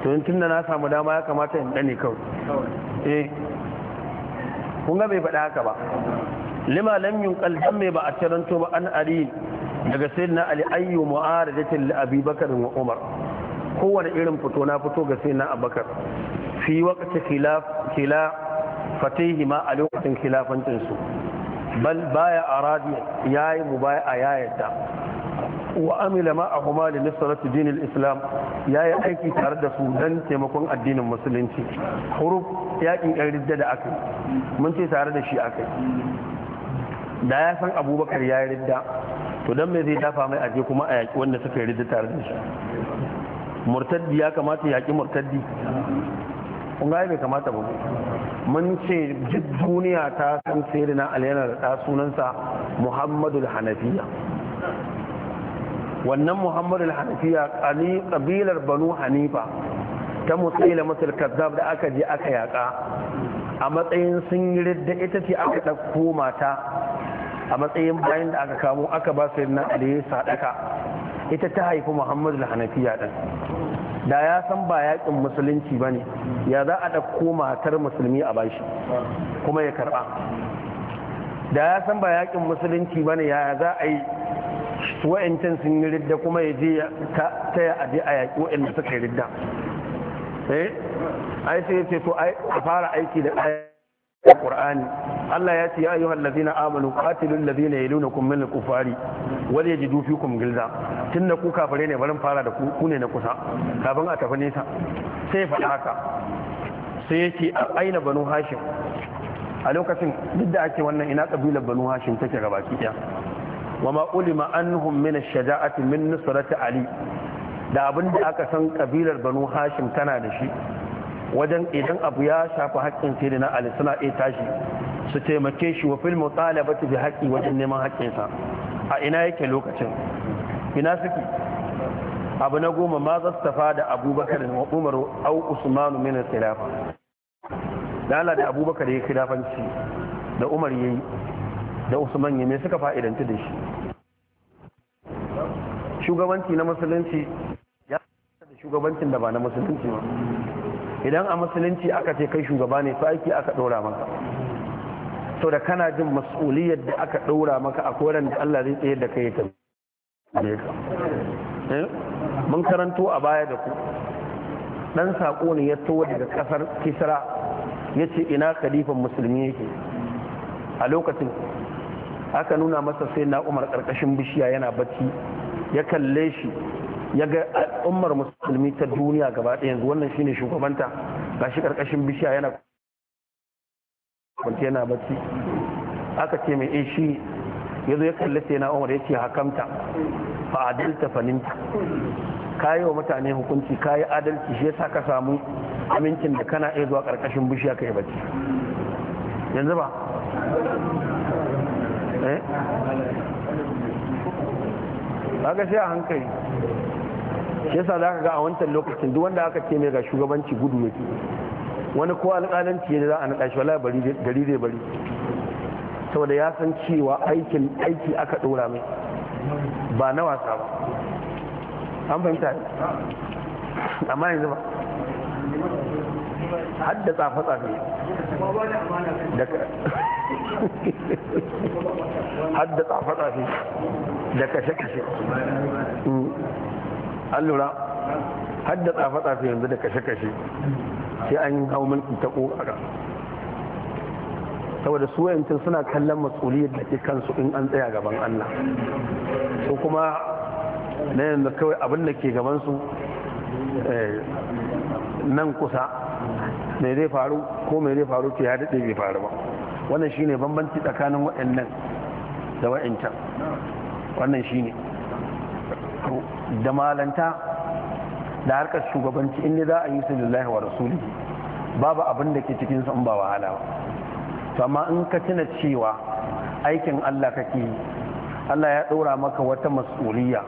to in tunda na samu dama ya kamata in dane kawai eh kun ga bai faɗa haka ba lima lam yunqal mai ba a taranto ba an ali daga na ali ayyu mu'aradatin li abi bakar wa umar kowane irin fito na fito ga sayyidina abubakar fi waqti khilaf khilaf fatihi ma a lokacin khilafancinsu bal baya aradi ya yi mu baya a yayata wa amila ma a kuma da nisaratu dinin islam ya yi aiki tare da su don taimakon addinin musulunci huruf yakin yan ridda da aka mun ce tare da shi aka da ya san abubakar ya yi ridda to don me zai dafa mai aje kuma a yaƙi wanda suka yi ridda tare da shi murtaddi ya kamata yaƙi murtaddi kun bai kamata ba mun ce duk duniya ta san sayyidina na yana da sunansa muhammadu hanafiya wannan muhammadu hanafiya ali kabilar banu hanifa ta musaila masar kazzab da aka je aka yaƙa a matsayin sun yi da ita ce aka ɗauko mata a matsayin bayan da aka kamo aka ba na ali sadaka ita ta haifi muhammadu hanafiya ɗan da ya san ba yakin musulunci ba ne ya za a ɗauko matar musulmi a bashi kuma ya karɓa da ya san ba yakin musulunci ba ne ya za a yi wa'ancan sun yi ridda kuma ya je ta ya aje a yaƙi wa'anda suka yi ridda eh? ai sai ya ce to a fara aiki da ɗaya القرآن الله يأتي يا أيها الذين آمنوا قاتلوا الذين يلونكم من الكفار وليجدوا فيكم غلظة تنكو كافرين ولم فارا دكو كوني نكوسا كابن أتفنيسا سيف حكا سيأتي أين بنو هاشم a lokacin duk da ake wannan ina kabilar banu hashim take gaba kiya wa ma ulima annahum min ash-shaja'ati min ali da abin da aka san kabilar banu hashim tana da shi wajen idan abu ya shafi haƙƙin sai na ali suna iya tashi su taimake shi wa ba ta fi haƙƙi wajen neman haƙƙinsa a ina yake lokacin ina suke abu na goma ma zastafa da abubakar wa Umaru au usmanu min khilafa lala da abubakar ya khilafanci da umar yayi da usman ya me suka fa'idanta da shi shugabanci na musulunci ya da shugabancin da ba na musulunci ba idan a musulunci aka ce kai shugaba ne to aiki aka ɗora maka to da kana jin mas'uliyar da aka ɗora maka a koren da Allah zai tsaye da kai ta eh? mun karanto a baya da ku dan saƙo ne ya towa daga ƙasar kisra ya ce ina kalifan musulmi yake a lokacin aka nuna masa sai na umar ƙarƙashin bishiya yana bacci ya kalle shi ya ga al'ummar musulmi ta duniya gaba ɗaya yanzu wannan shine shugabanta gashi karkashin bishiya yana kwanci yana bacci aka ce mai eh, shi ya zo ya kalli sai na umar ya ce hakamta fa adalta faninta ka yi wa mutane hukunci ka yi adalci shi yasa ka samu amincin da kana iya zuwa karkashin bishiya ka yi bacci yanzu ba eh ga sai a hankali shi yasa za ka ga a wancan lokacin duk wanda aka ce mai ga shugabanci gudu yake wani ko alƙalanci ne za a naɗa shi wala bari gari zai bari saboda ya san cewa aikin aiki aka ɗora mai ba na wasa ba an fahimta amma yanzu ba hadda tsafe tsafi. hadda tsafa tsafe da kashe-kashe hmm. an lura a da tsafe-tsafe yanzu da kashe-kashe sai an yi hau mulki ta ƙoƙara saboda su yancin suna kallon matsuliyar da ke kansu in an tsaya gaban Allah su kuma na yanzu kawai abin da ke gabansu eh, nan kusa mai zai faru ko mai zai faru ke ya daɗe bai faru ba wannan shi ne bambanci tsakanin waɗannan da waɗancan wannan shi ne. da malanta da harkar shugabanci inda za a yi su lillahi wa rasuli babu abin da ke cikin sun ba wahala ba amma in ka tuna cewa aikin Allah kake yi Allah ya ɗora maka wata mas'uliya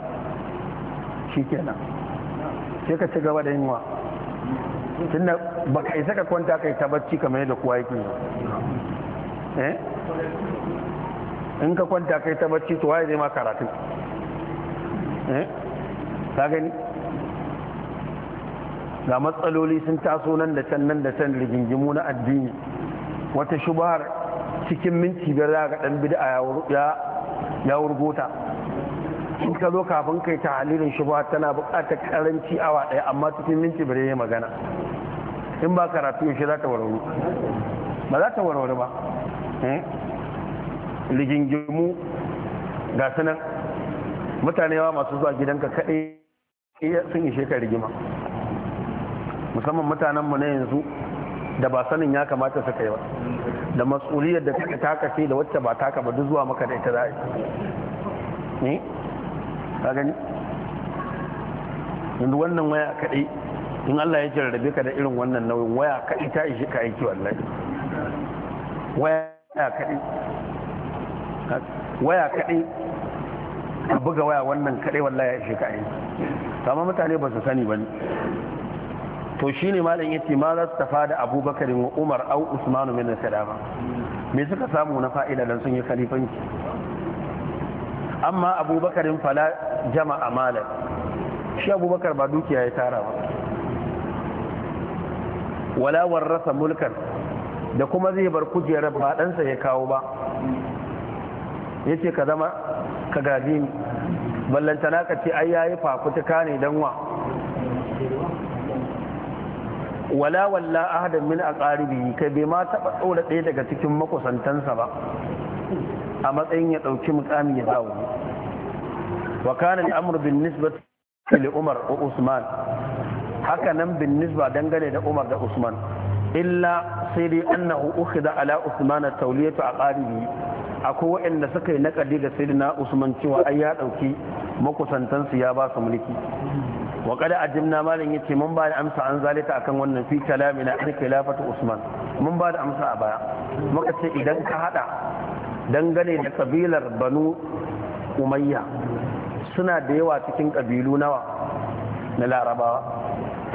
nan, sai ka ci gaba da yinwa tunda ba ka isa ka kwanta kai ta bacci kamar yadda kowa yake yi. Eh? in ka kwanta kai ta bacci to waye zai ma karatu eh ka gani ga matsaloli sun taso nan da can nan da can rigingimu na addini wata shubahar cikin minti biyar za ga dan bid'a ya wurgota in ka zo kafin kai ta halilin shubahar tana buƙatar karanci awa ɗaya amma cikin minti biyar ya magana in ba karatu shi za ta warware ba za ta warware ba hmm? rigingimu ga sanan mutane masu zuwa gidanka kaɗai sun ishe ka rigima musamman mutanen mu na yanzu da ba sanin ya kamata su kai ba da mas'uliyar da kake taka ce da wacce ba taka ba duk zuwa maka da ita za ne ka gani yanzu wannan waya kaɗai in Allah ya jarrabe ka da irin wannan nauyin waya kaɗai ta ishe ka aiki wallahi waya kaɗai waya kaɗai ka buga waya wannan kaɗai wallahi ya ishe ka aiki amma mutane ba su sani ba ne to shi ne malam ya ce ma za su tafa da abubakar wa umar au usmanu min sadama me suka samu na fa'ida dan sun yi khalifanci amma abubakarin fala jama'a malam shi abubakar ba dukiya ya tara ba Walawar rasa mulkar da kuma zai bar kujerar ba ɗansa ya kawo ba ya ce ka zama ka gaji na ka ce ai yayi fafutuka ne dan wa wala walla ahadan min aqaribi kai bai ma taba ɗaya daga cikin makusantansa ba a matsayin ya ɗauki mukami ya zawo wa kana al'amru bin nisbati li umar wa usman haka nan bin nisba dangane da umar da usman illa sai dai annahu da ala usman a aqaribi akwai waɗanda suka yi nakali ga na usman cewa ai ya ɗauki makusantansu ya ba su mulki wa kada ajimna malam yace mun ba da amsa an zalita akan wannan fi kalamina an khilafatu usman mun ba da amsa a baya muka ce idan ka hada dangane da kabilar banu umayya suna da yawa cikin kabilu nawa na larabawa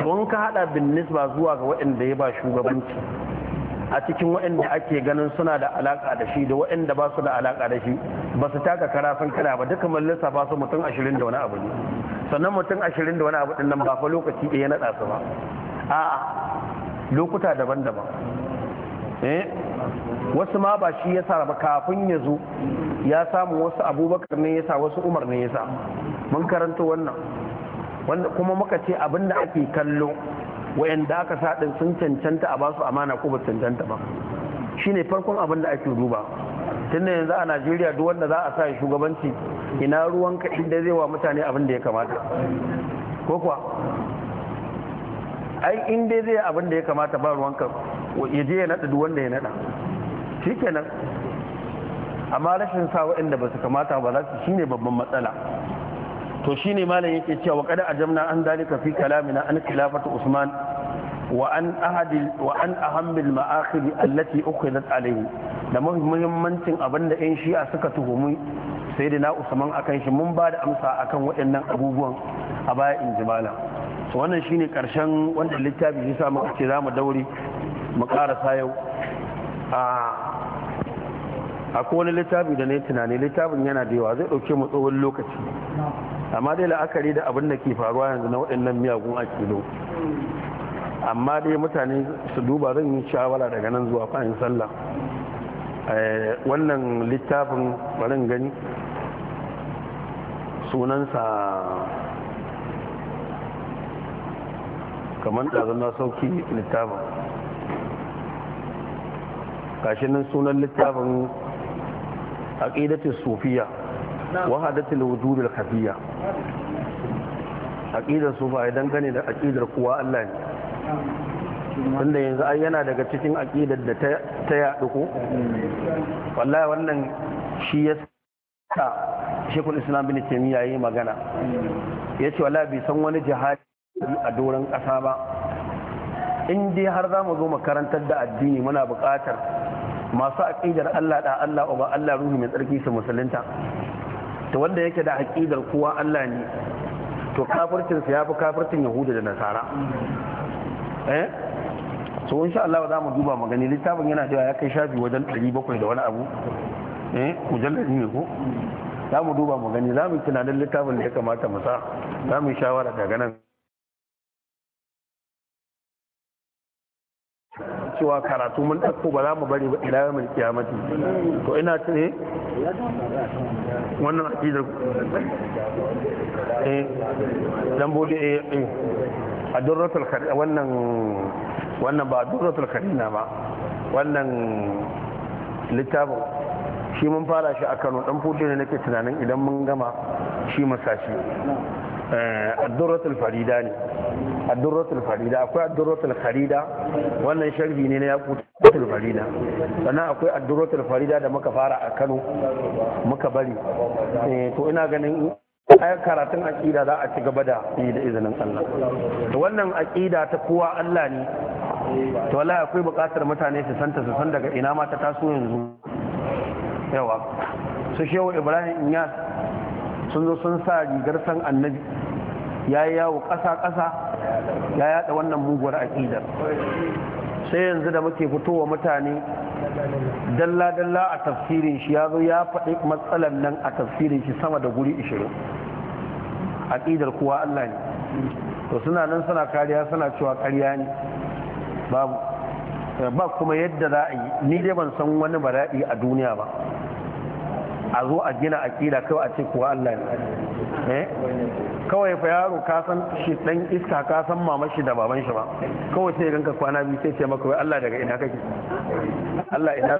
don ka hada bin nisba zuwa ga waɗanda ya ba shugabanci a cikin waɗanda ake ganin suna da alaka da shi da waɗanda ba su da alaka da shi ba su taka kara sun kada ba duka mallisa ba su mutum ashirin da wani abu ne sannan mutum ashirin da wani abu ɗin nan ba fa lokaci ɗaya na ɗasu ba a'a lokuta daban-daban eh, wasu ma ba shi ya sa ba kafin ya zo ya samu wasu abubakar ne ya sa wasu umar ne ya sa mun karanta wannan kuma muka ce abin da ake kallo da aka sa din sun cancanta a basu amana ko ba cancanta ba shine farkon abin da ake duba da yanzu a Najeriya duk wanda za a sa shugabanci ina ruwan ka inda zai wa mutane abin da ya kamata ko kuwa ai in dai zai abin da ya kamata ba ka ya je ya nada duk wanda ya nada shikenan amma rashin sa waɗanda ba su kamata ba za su shine babban matsala to shi ne malam yake cewa kada ajamna an dalika fi kalamina an khilafatu usman wa an ahad wa an ahammil ma'akhir allati ukhidat alayhi da muhimmancin abinda yan shi'a suka tuhumi sayyidina usman akan shi mun ba da amsa akan waɗannan abubuwan a baya in malam to wannan shine karshen wanda littafi shi sa muka ce zamu daure mu karasa yau a ah, ko wani littafi da na yi tunani littafin yana da yawa zai ɗauke mu tsohon lokaci amma dai la'akari da abin da ke faruwa yanzu na waɗannan miyagun a kilo amma dai mutane su duba zan yi shawara daga nan zuwa fahim sallah eh, wannan littafin barin gani sunansa kamar ɗazan na sauki littafin kashi sunan littafin aqidatul sufiyya wahadatul wujudul khafiyya aqidar sufa idan gane da aqidar kuwa Allah ne tunda yanzu ai yana daga cikin aqidar da ta yaɗu ko wallahi wannan shi ya sa shekul islam bin taymiya yayi magana yace wallahi bi san wani jihadi a doron ƙasa ba in dai har za mu zo makarantar da addini muna buƙatar masu aƙidar Allah da Allah uba Allah ruhi mai tsarki su musulunta to wanda yake da aƙidar kowa Allah ne to kafircin sa yafi kafircin Yahuda da Nasara eh so insha Allah za mu duba magani littafin yana cewa ya kai shafi wajen 700 da wani abu eh mujalladi ne ko za mu duba magani za mu tunanin littafin da ya kamata mu sa za mu shawara daga nan cewa karatu mun ɗauko ba za mu bari ba ila yamin kiyamati to ina ce wannan aqidar eh dan bude eh, eh. a karina wannan wannan ba durratul karina ba wannan littafin shi mun fara shi a Kano dan fudu ne nake tunanin idan mun gama shi masashi Eh, addurratul farida ne addurratul farida akwai addurratul farida wannan sharhi ne na yakutul farida sannan akwai addurratul farida da muka fara a Kano muka bari eh, to ina ganin ai karatun aqida za a ci gaba da yi da izinin Allah to wannan aqida ta kowa Allah ne to wallahi akwai buƙatar mutane su santa su san daga ina ma ta taso yanzu yawa su shehu Ibrahim Inyas sun zo sun sa rigar san annabi ya yi yawo ƙasa-ƙasa ya yada wannan muguwar aƙidar sai yanzu da muke fitowa mutane dalla-dalla a tafsirin shi ya zo ya faɗi matsalar nan a tafsirin shi sama da guri 20 aƙidar kuwa Allah ne to suna nan suna kariya suna cewa ƙarya ne ba kuma yadda za a yi ni dai ban san wani bara'i a duniya ba a zo a gina aƙida kawai a ce kuwa Allah ya eh? kawai fa yaro ka san shi dan iska ka san mama shi da baban shi ba kawai sai ranka kwana biyu sai ce maka wai Allah daga ina kake Allah ina